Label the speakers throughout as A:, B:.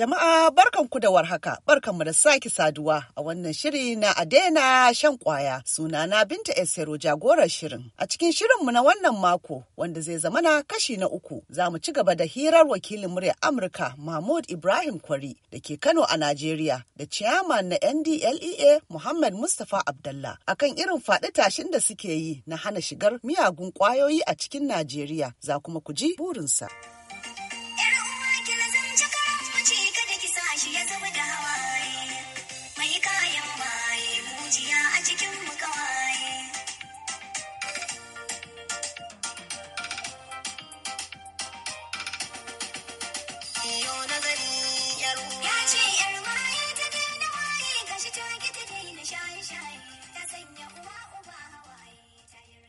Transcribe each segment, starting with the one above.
A: Jama'a barkanku da warhaka, barkanmu da sake saduwa a wannan shiri na Adena shan kwaya sunana Binta Esero jagorar shirin. A cikin shirinmu na wannan mako wanda zai zama na kashi na uku za mu ci gaba da hirar wakilin murya Amurka Mahmud Ibrahim Kwari da ke Kano a Najeriya da chairman na NDLEA Muhammad Mustapha Abdallah akan irin faɗi tashin da suke yi na hana shigar miyagun kwayoyi a cikin Najeriya za kuma ku ji burinsa.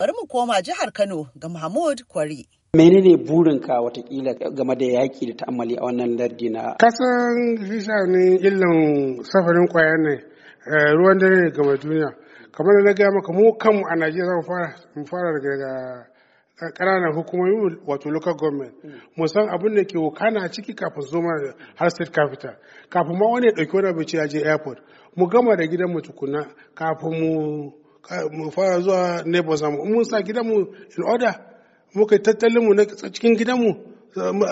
A: Bari mu koma jihar Kano ga Mahmud Kwari.
B: menene burinka watakila game da yaƙi da ta'ammali a wannan lardi na kasan shisha illan safarin kwaya ne eh, ruwan dare ne game duniya kamar da na gaya maka mu kan a najeriya mu fara mu fara daga eh, ƙananan hukumomi wato local government mm. mu san abin da ke wukana ciki kafin su zoma har state capital kafin ma wani ya ɗauki wani abinci ya je airport mu gama da gidan mu tukuna kafin mu mu fara zuwa neighbors samu mun sa gidanmu in order muka tattalin mu na cikin gidanmu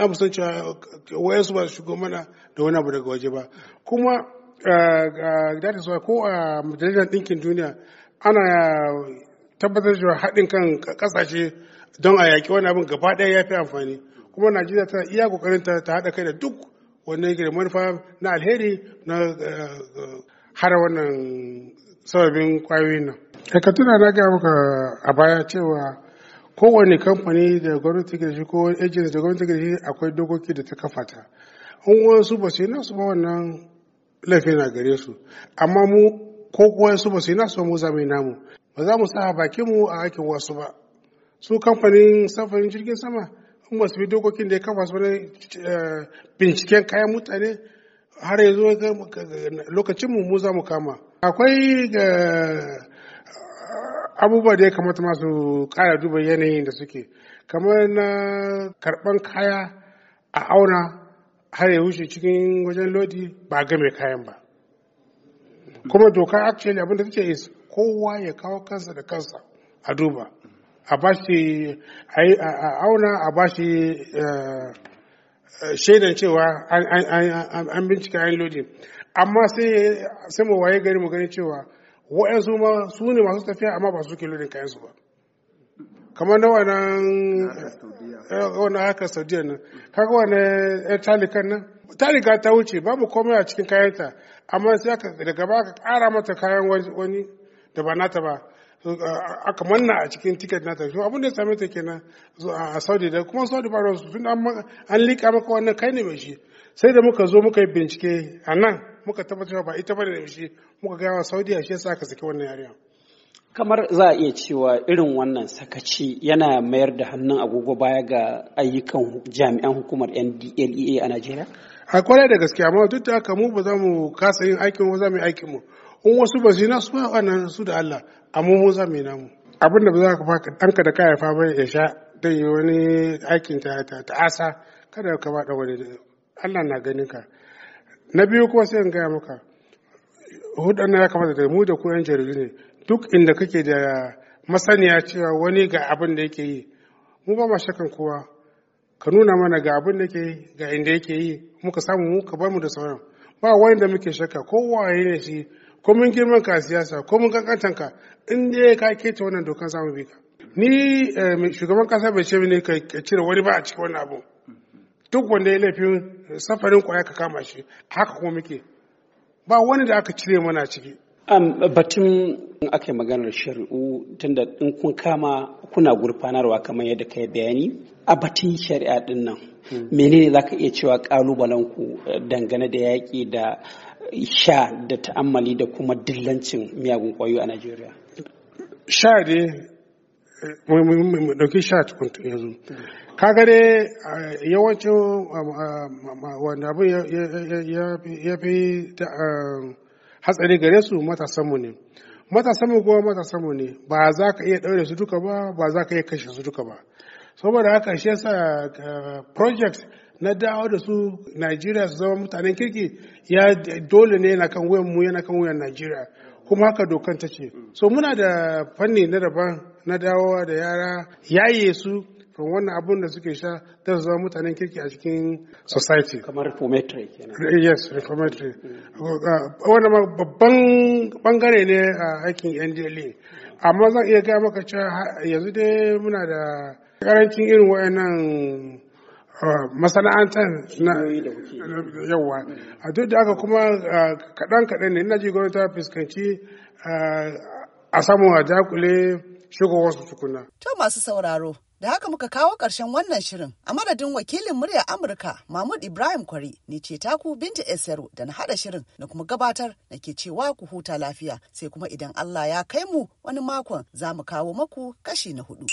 B: mu san cewa wayansu ba shigo mana da wani abu daga waje ba kuma eh, eh, data suwa ko a majalisar ɗinkin duniya ana tabbatar da haɗin kan ƙasashe don a yaƙi wani abin gaba ɗaya ya fi amfani kuma najeriya tana iya ƙoƙarinta ta haɗa kai da duk wannan yake da manufa na alheri na eh, hara wannan sababin kwayoyin nan ka tuna na gaya maka a baya cewa kowane kamfani da gwamnati ke da shi ko agent da gwamnati ke da shi akwai dokoki da ta kafa ta in su ba su yi nasu ba wannan laifin na gare su amma mu ko kuwa su ba su yi nasu ba mu za mu yi namu ba za mu sa bakin mu a aikin wasu ba su kamfanin safarin jirgin sama in ba su bi dokokin da ya kafa su ne eh, binciken kayan mutane har yanzu lokacin mu mu za mu kama akwai ga eh, abubuwa da ya kamata masu kara duba yanayin da suke kamar na karban kaya a auna har ya wuce cikin wajen lodi ba game kayan ba kuma doka actually abinda take is kowa ya kawo kansa da kansa a duba a bashi a auna a bashi eh, eh, shaidan cewa an bincika an lodi amma sai mu waye gari mu gani cewa wa'yansu ma su ne masu tafiya amma ba su ke lodin kayansu ba kamar na wannan eh, wannan haka saudiya nan kaga wannan yan eh, talikan nan talika ta wuce babu komai a cikin kayanta amma sai aka daga ba aka kara mata kayan wani da ba nata ba aka manna a cikin tiket nata shi abin da ya same ta kenan a saudi da kuma saudi ba su tun an liƙa maka wannan kai ne mai shi sai da muka zo muka yi bincike a nan muka tabbatar ba ita bane da shi muka gaya wa saudiya shi yasa aka saki wannan yarinya kamar za a iya cewa irin wannan sakaci yana mayar da hannun agogo baya ga ayyukan jami'an hukumar ndlea a najeriya a kwarai da gaske amma duk da haka mu ba za mu kasa yin aikin mu za mu yi aikin mu in wasu ba su yi nasu ba su da allah amma mu za mu yi namu abin da ba za ka faka ɗanka da kaya fa ya sha don yi wani aikin ta ta'asa kada ka ba da wani Allah na ganin ka na biyu kuma sai in gaya maka hudana ya kamata da mu da ku yan jaridu ne duk inda kake da masaniya cewa wani ga abin da yake yi mu ba ma shakan kowa ka nuna mana ga abin da yake yi ga inda yake yi muka samu mu ka bar mu da sauran ba wani da muke shakka waye ne shi ko mun girman ka siyasa ko mun kankantan ka in dai ka keta wannan dokan samu bi ka ni eh, shugaban kasa bai ce mini ka cire wani ba a cikin wannan abu duk wanda ya laifin safarin kwaya ka kama shi haka kuma muke ba wani da aka cire mana ciki Um, batun aka yi maganar shari'u tunda in kun kama kuna gurfanarwa kamar yadda ka yi bayani a batun shari'a din nan hmm. menene za ka iya cewa kalubalen ku eh, dangane da yaƙi da sha da ta'ammali da kuma dillancin miyagun kwayo a najeriya sha dai dauki sha tukun yanzu kaga dai yawancin wanda abu ya fi hatsari gare su matasanmu ne matasanmu kuma matasanmu ne ba za ka iya ɗaure su duka ba ba za ka iya kashe su duka ba saboda haka shi yasa project na dawo da su Najeriya su zama mutanen kirki ya dole ne yana kan wuyan mu yana kan wuyan Najeriya kuma haka dokan ta ce so muna da fanni na daban na dawowa da yara yaye su kan wannan abun da suke sha ta zama mutanen kirki a cikin society kamar reformatory kenan yes reformatory uh, wannan babban bangare ne a aikin NDLA amma zan iya gaya maka cewa yanzu dai muna da karancin irin wayannan masana'antar na yauwa a duk da aka kuma kaɗan kaɗan ne ina ji gwamnati ta fuskanci a samu a jakule dakule su tukuna.
A: To masu sauraro, da haka muka kawo ƙarshen wannan shirin a madadin wakilin murya Amurka Mahmud Ibrahim Kwari ne ce taku Binta Esero da na haɗa shirin na kuma gabatar na ke cewa ku huta lafiya sai kuma idan Allah ya kai mu wani makon za mu kawo maku kashi na hudu.